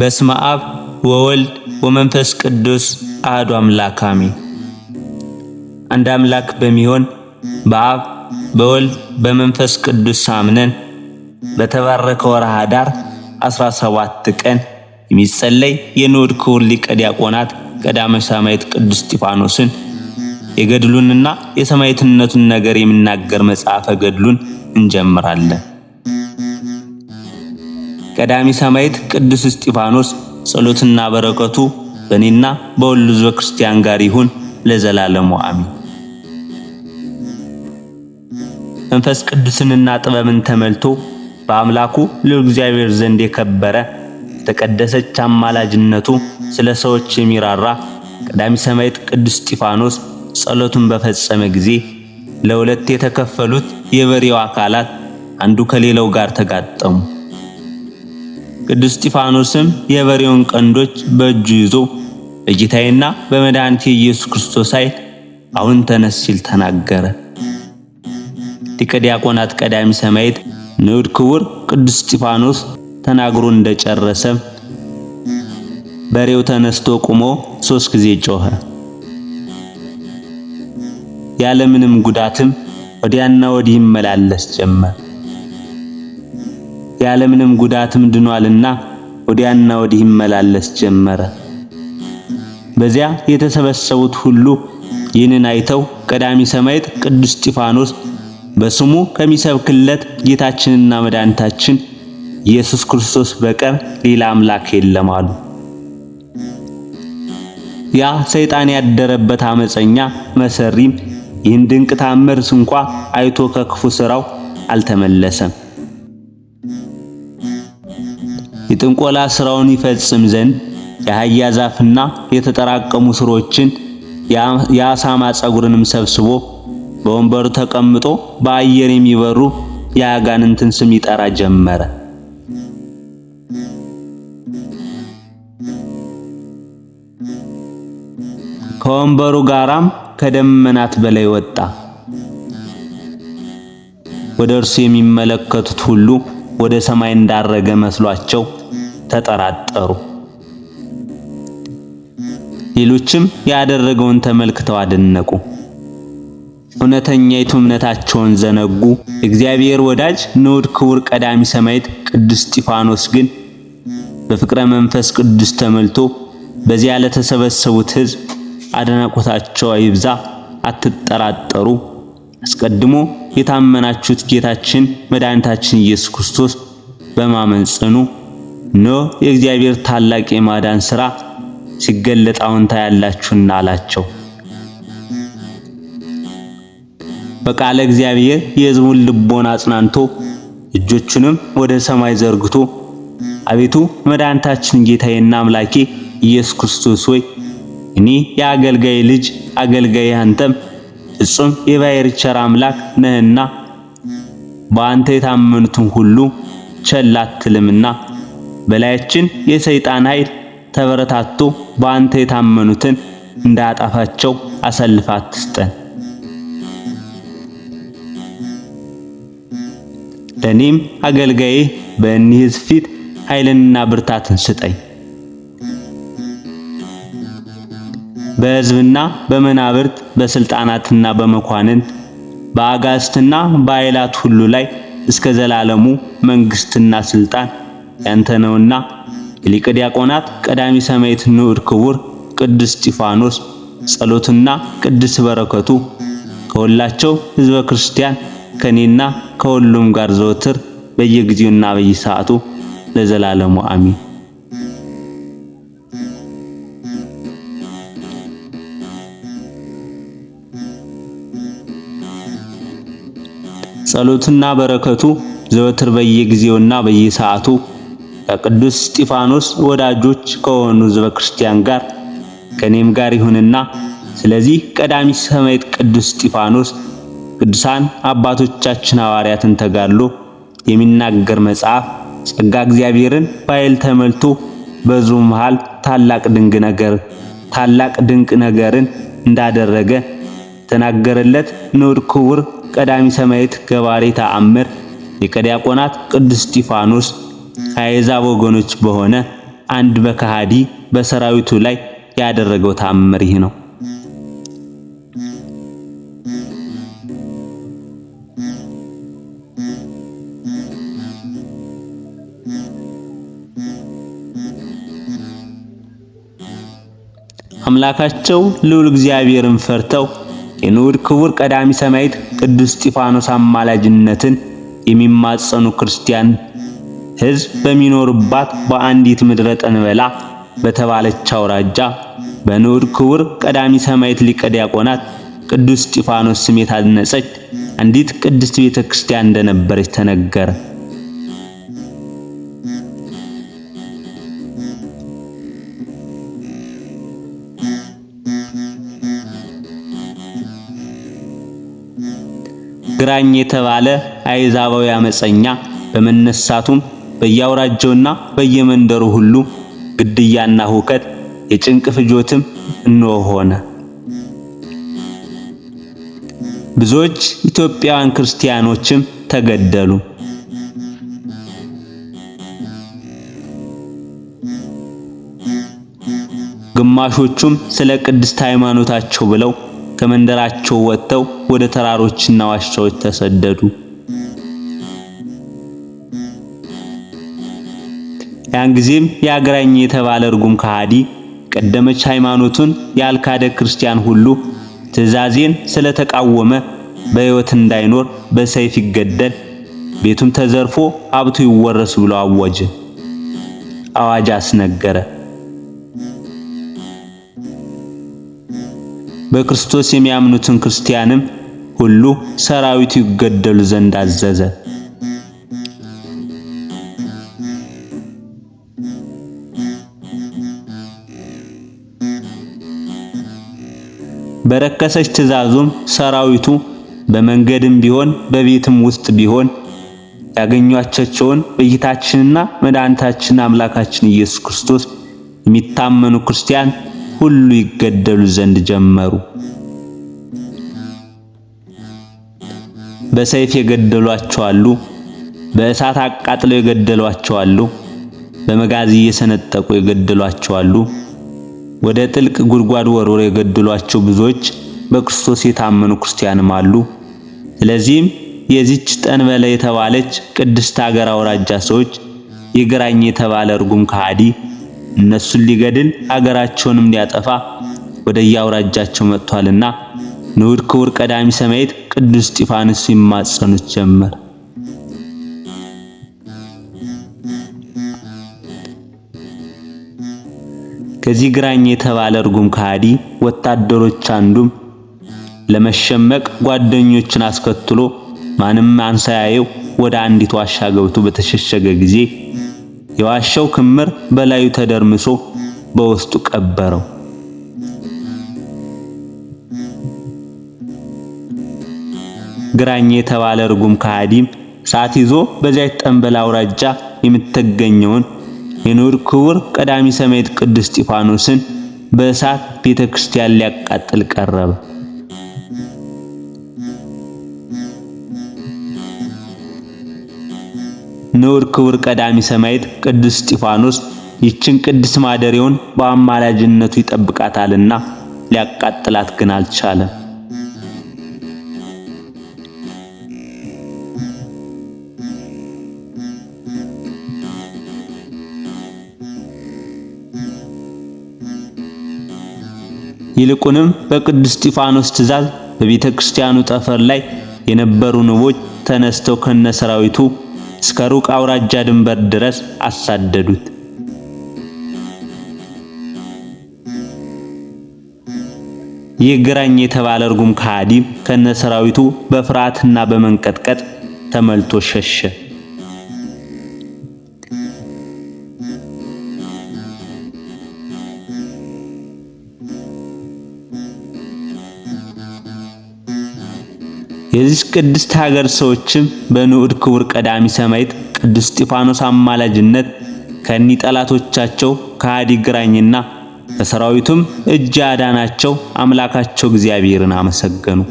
በስመ አብ ወወልድ ወመንፈስ ቅዱስ አህዱ አምላክ አሜን። አንድ አምላክ በሚሆን በአብ በወልድ በመንፈስ ቅዱስ አምነን በተባረከ ወርሃ ኅዳር 17 ቀን የሚጸለይ የኖድ ክቡር ሊቀ ዲያቆናት ሰማይት ሰማዕት ቅዱስ እስጢፋኖስን የገድሉንና የሰማዕትነቱን ነገር የሚናገር መጽሐፈ ገድሉን እንጀምራለን። ቀዳሚ ሰማዕት ቅዱስ እስጢፋኖስ ጸሎትና በረከቱ በእኔና በሁሉ ሕዝበ ክርስቲያን ጋር ይሁን ለዘላለሙ አሚን። መንፈስ ቅዱስንና ጥበብን ተመልቶ በአምላኩ ለእግዚአብሔር ዘንድ የከበረ የተቀደሰች አማላጅነቱ ስለ ሰዎች የሚራራ ቀዳሚ ሰማዕት ቅዱስ እስጢፋኖስ ጸሎቱን በፈጸመ ጊዜ ለሁለት የተከፈሉት የበሬው አካላት አንዱ ከሌላው ጋር ተጋጠሙ። ቅዱስ እስጢፋኖስም የበሬውን ቀንዶች በእጁ ይዞ በጌታዬና በመድኃኒቴ ኢየሱስ ክርስቶስ ኃይል አሁን ተነስ ሲል ተናገረ። ሊቀ ዲያቆናት ቀዳሚ ሰማዕት ንዑድ ክቡር ቅዱስ እስጢፋኖስ ተናግሮ እንደጨረሰ በሬው ተነስቶ ቆሞ ሶስት ጊዜ ጮኸ። ያለምንም ጉዳትም ወዲያና ወዲህ ይመላለስ ጀመር። ያለምንም ጉዳትም ድኗልና ወዲያና ወዲህ ይመላለስ ጀመረ። በዚያ የተሰበሰቡት ሁሉ ይህንን አይተው ቀዳሚ ሰማዕት ቅዱስ እስጢፋኖስ በስሙ ከሚሰብክለት ጌታችንና መድኃኒታችን ኢየሱስ ክርስቶስ በቀር ሌላ አምላክ የለም አሉ። ያ ሰይጣን ያደረበት አመፀኛ መሰሪም ይህን ድንቅ ታምር አይቶ ከክፉ ስራው አልተመለሰም። የጥንቆላ ስራውን ይፈጽም ዘንድ የአህያ ዛፍና የተጠራቀሙ ስሮችን የአሳማ ጸጉርንም ሰብስቦ በወንበሩ ተቀምጦ በአየር የሚበሩ የአጋንንትን ስም ይጠራ ጀመረ። ከወንበሩ ጋራም ከደመናት በላይ ወጣ። ወደ እርሱ የሚመለከቱት ሁሉ ወደ ሰማይ እንዳረገ መስሏቸው ተጠራጠሩ። ሌሎችም ያደረገውን ተመልክተው አደነቁ። እውነተኛይቱ እምነታቸውን ዘነጉ። እግዚአብሔር ወዳጅ ንዑድ ክቡር ቀዳሚ ሰማዕት ቅዱስ እስጢፋኖስ ግን በፍቅረ መንፈስ ቅዱስ ተሞልቶ በዚያ ለተሰበሰቡት ሕዝብ አድናቆታቸው አይብዛ፣ አትጠራጠሩ፣ አስቀድሞ የታመናችሁት ጌታችን መድኃኒታችን ኢየሱስ ክርስቶስ በማመን ጽኑ ኖ የእግዚአብሔር ታላቅ የማዳን ሥራ ሲገለጥ አሁን ታያላችሁና አላቸው። በቃለ እግዚአብሔር የሕዝቡን ልቦን አጽናንቶ እጆቹንም ወደ ሰማይ ዘርግቶ አቤቱ መድኃኒታችን ጌታዬና አምላኬ ኢየሱስ ክርስቶስ ሆይ እኔ የአገልጋይ ልጅ አገልጋይ አንተም ፍጹም የባሕሪ ቸር አምላክ ነህና በአንተ የታመኑትን ሁሉ ቸል አትልምና በላያችን የሰይጣን ኃይል ተበረታቶ በአንተ የታመኑትን እንዳጣፋቸው አሳልፈ አትስጠን። ለኔም አገልጋዬ በእኒህ ሕዝብ ፊት ኃይልንና ብርታትን ስጠኝ። በሕዝብና በመናብርት በስልጣናትና በመኳንን በአጋስትና በኃይላት ሁሉ ላይ እስከ ዘላለሙ መንግስትና ስልጣን ያንተ ነውና የሊቀ ዲያቆናት ቀዳሚ ሰማዕት ንዑድ ክቡር ቅዱስ እስጢፋኖስ ጸሎትና ቅዱስ በረከቱ ከሁላቸው ሕዝበ ክርስቲያን ከኔና ከሁሉም ጋር ዘወትር በየጊዜውና በየሰዓቱ ለዘላለሙ አሚን። ጸሎትና በረከቱ ዘወትር በየጊዜውና በየሰዓቱ ከቅዱስ እስጢፋኖስ ወዳጆች ከሆኑ ሕዝበ ክርስቲያን ጋር ከኔም ጋር ይሁንና ስለዚህ ቀዳሚ ሰማዕት ቅዱስ እስጢፋኖስ ቅዱሳን አባቶቻችን ሐዋርያትን ተጋድሎ የሚናገር መጽሐፍ ጸጋ እግዚአብሔርን በኃይል ተመልቶ በዙ መሃል ታላቅ ድንቅ ነገር ታላቅ ድንቅ ነገርን እንዳደረገ ተናገረለት። ንዑድ ክቡር ቀዳሚ ሰማዕት ገባሬ ተአምር የቀዲያቆናት ቅዱስ እስጢፋኖስ ከአሕዛብ ወገኖች በሆነ አንድ በከሃዲ በሰራዊቱ ላይ ያደረገው ተአምር ይህ ነው። አምላካቸው ልዑል እግዚአብሔርን ፈርተው የንዑድ ክቡር ቀዳሚ ሰማዕት ቅዱስ እስጢፋኖስ አማላጅነትን የሚማጸኑ ክርስቲያን ሕዝብ በሚኖርባት በአንዲት ምድረ ጠንበላ በተባለች አውራጃ በንዑድ ክቡር ቀዳሚ ሰማዕት ሊቀ ዲያቆናት ቅዱስ እስጢፋኖስ ስም የታነጸች አንዲት ቅድስት ቤተ ክርስቲያን እንደነበረች ተነገረ። ግራኝ የተባለ አይዛባዊ አመፀኛ በመነሳቱም በየአውራጀውና በየመንደሩ ሁሉ ግድያና ሁከት የጭንቅ ፍጆትም እንሆ ሆነ። ብዙዎች ኢትዮጵያውያን ክርስቲያኖችም ተገደሉ። ግማሾቹም ስለ ቅድስት ሃይማኖታቸው ብለው ከመንደራቸው ወጥተው ወደ ተራሮችና ዋሻዎች ተሰደዱ። ያን ጊዜም የአግራኝ የተባለ እርጉም ከሃዲ ቀደመች ሃይማኖቱን ያልካደ ክርስቲያን ሁሉ ትእዛዜን ስለተቃወመ በሕይወት እንዳይኖር በሰይፍ ይገደል፣ ቤቱም ተዘርፎ ሀብቱ ይወረስ ብሎ አወጀ። አዋጅ አስነገረ። በክርስቶስ የሚያምኑትን ክርስቲያንም ሁሉ ሰራዊቱ ይገደሉ ዘንድ አዘዘ። በረከሰች ትእዛዙም ሰራዊቱ በመንገድም ቢሆን በቤትም ውስጥ ቢሆን ያገኟቸውን በጌታችንና መድኃኒታችን አምላካችን ኢየሱስ ክርስቶስ የሚታመኑ ክርስቲያን ሁሉ ይገደሉ ዘንድ ጀመሩ። በሰይፍ የገደሏቸው አሉ። በእሳት አቃጥለው የገደሏቸው አሉ። በመጋዝ እየሰነጠቁ የገደሏቸው አሉ። ወደ ጥልቅ ጉድጓድ ወርውረው የገደሏቸው ብዙዎች በክርስቶስ የታመኑ ክርስቲያንም አሉ። ስለዚህም የዚች ጠንበለ የተባለች ቅድስት ሀገር አውራጃ ሰዎች የግራኝ የተባለ እርጉም ከሃዲ እነሱን ሊገድል ሀገራቸውንም ሊያጠፋ ወደ የአውራጃቸው መጥቷልና ንዑድ ክቡር ቀዳሚ ሰማዕት ቅዱስ እስጢፋኖስ ይማጸኑት ጀመር። ከዚህ ግራኝ የተባለ እርጉም ከሃዲ ወታደሮች አንዱም ለመሸመቅ ጓደኞችን አስከትሎ ማንም አንሳያየው ወደ አንዲት ዋሻ ገብቶ በተሸሸገ ጊዜ የዋሻው ክምር በላዩ ተደርምሶ በውስጡ ቀበረው። ግራኝ የተባለ እርጉም ከሃዲም ሰዓት ይዞ በዚያ ጠንበል አውራጃ የምትገኘውን የኖር ክቡር ቀዳሚ ሰማዕት ቅዱስ እስጢፋኖስን በእሳት ቤተክርስቲያን ሊያቃጥል ቀረበ። ኖር ክቡር ቀዳሚ ሰማዕት ቅዱስ እስጢፋኖስ ይችን ቅድስት ማደሪያውን በአማላጅነቱ ይጠብቃታልና ሊያቃጥላት ግን አልቻለም። ይልቁንም በቅዱስ እስጢፋኖስ ትእዛዝ በቤተ ክርስቲያኑ ጠፈር ላይ የነበሩ ንቦች ተነስተው ከነሰራዊቱ እስከ ሩቅ አውራጃ ድንበር ድረስ አሳደዱት። ይህ ግራኝ የተባለ እርጉም ከሃዲም ከነሰራዊቱ በፍርሃትና በመንቀጥቀጥ ተመልቶ ሸሸ። የዚህ ቅድስት ሀገር ሰዎችም በንዑድ ክቡር ቀዳሚ ሰማዕት ቅዱስ እስጢፋኖስ አማላጅነት ከኒ ጠላቶቻቸው ከሃዲ ግራኝና ከሰራዊቱም እጅ አዳናቸው። አምላካቸው እግዚአብሔርን አመሰገኑ።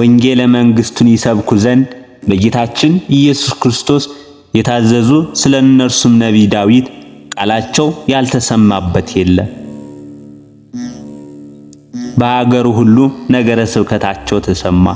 ወንጌለ መንግስቱን ይሰብኩ ዘንድ በጌታችን ኢየሱስ ክርስቶስ የታዘዙ ስለ እነርሱም ነቢይ ዳዊት ቃላቸው ያልተሰማበት የለ። በሀገሩ ሁሉ ነገረ ስብከታቸው ተሰማ።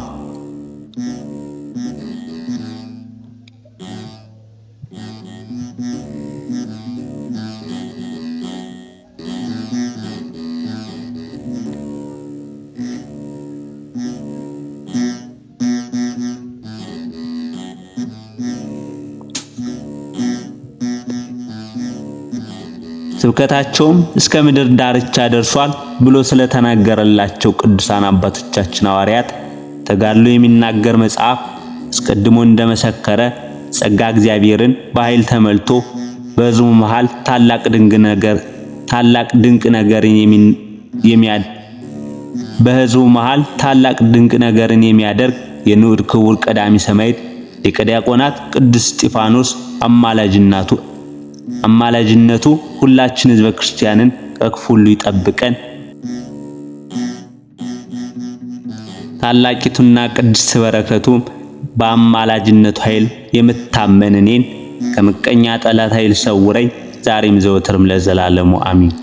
ስብከታቸውም እስከ ምድር ዳርቻ ደርሷል ብሎ ስለተናገረላቸው ቅዱሳን አባቶቻችን ሐዋርያት ተጋድሎ የሚናገር መጽሐፍ አስቀድሞ እንደመሰከረ ጸጋ እግዚአብሔርን በኃይል ተመልቶ በሕዝቡ መሃል ታላቅ ድንቅ ነገር ታላቅ ድንቅ ነገርን የሚያድ በሕዝቡ መሃል ታላቅ ድንቅ ነገርን የሚያደርግ የንዑድ ክቡር ቀዳሚ ሰማዕት ሊቀ ዲያቆናት ቅዱስ እስጢፋኖስ አማላጅናቱ አማላጅነቱ ሁላችን ህዝበ ክርስቲያንን ከክፉ ሁሉ ይጠብቀን። ታላቂቱና ቅድስት በረከቱ በአማላጅነቱ ኃይል የምታመን እኔን ከምቀኛ ጠላት ኃይል ሰውረኝ ዛሬም ዘወትርም ለዘላለሙ አሚን።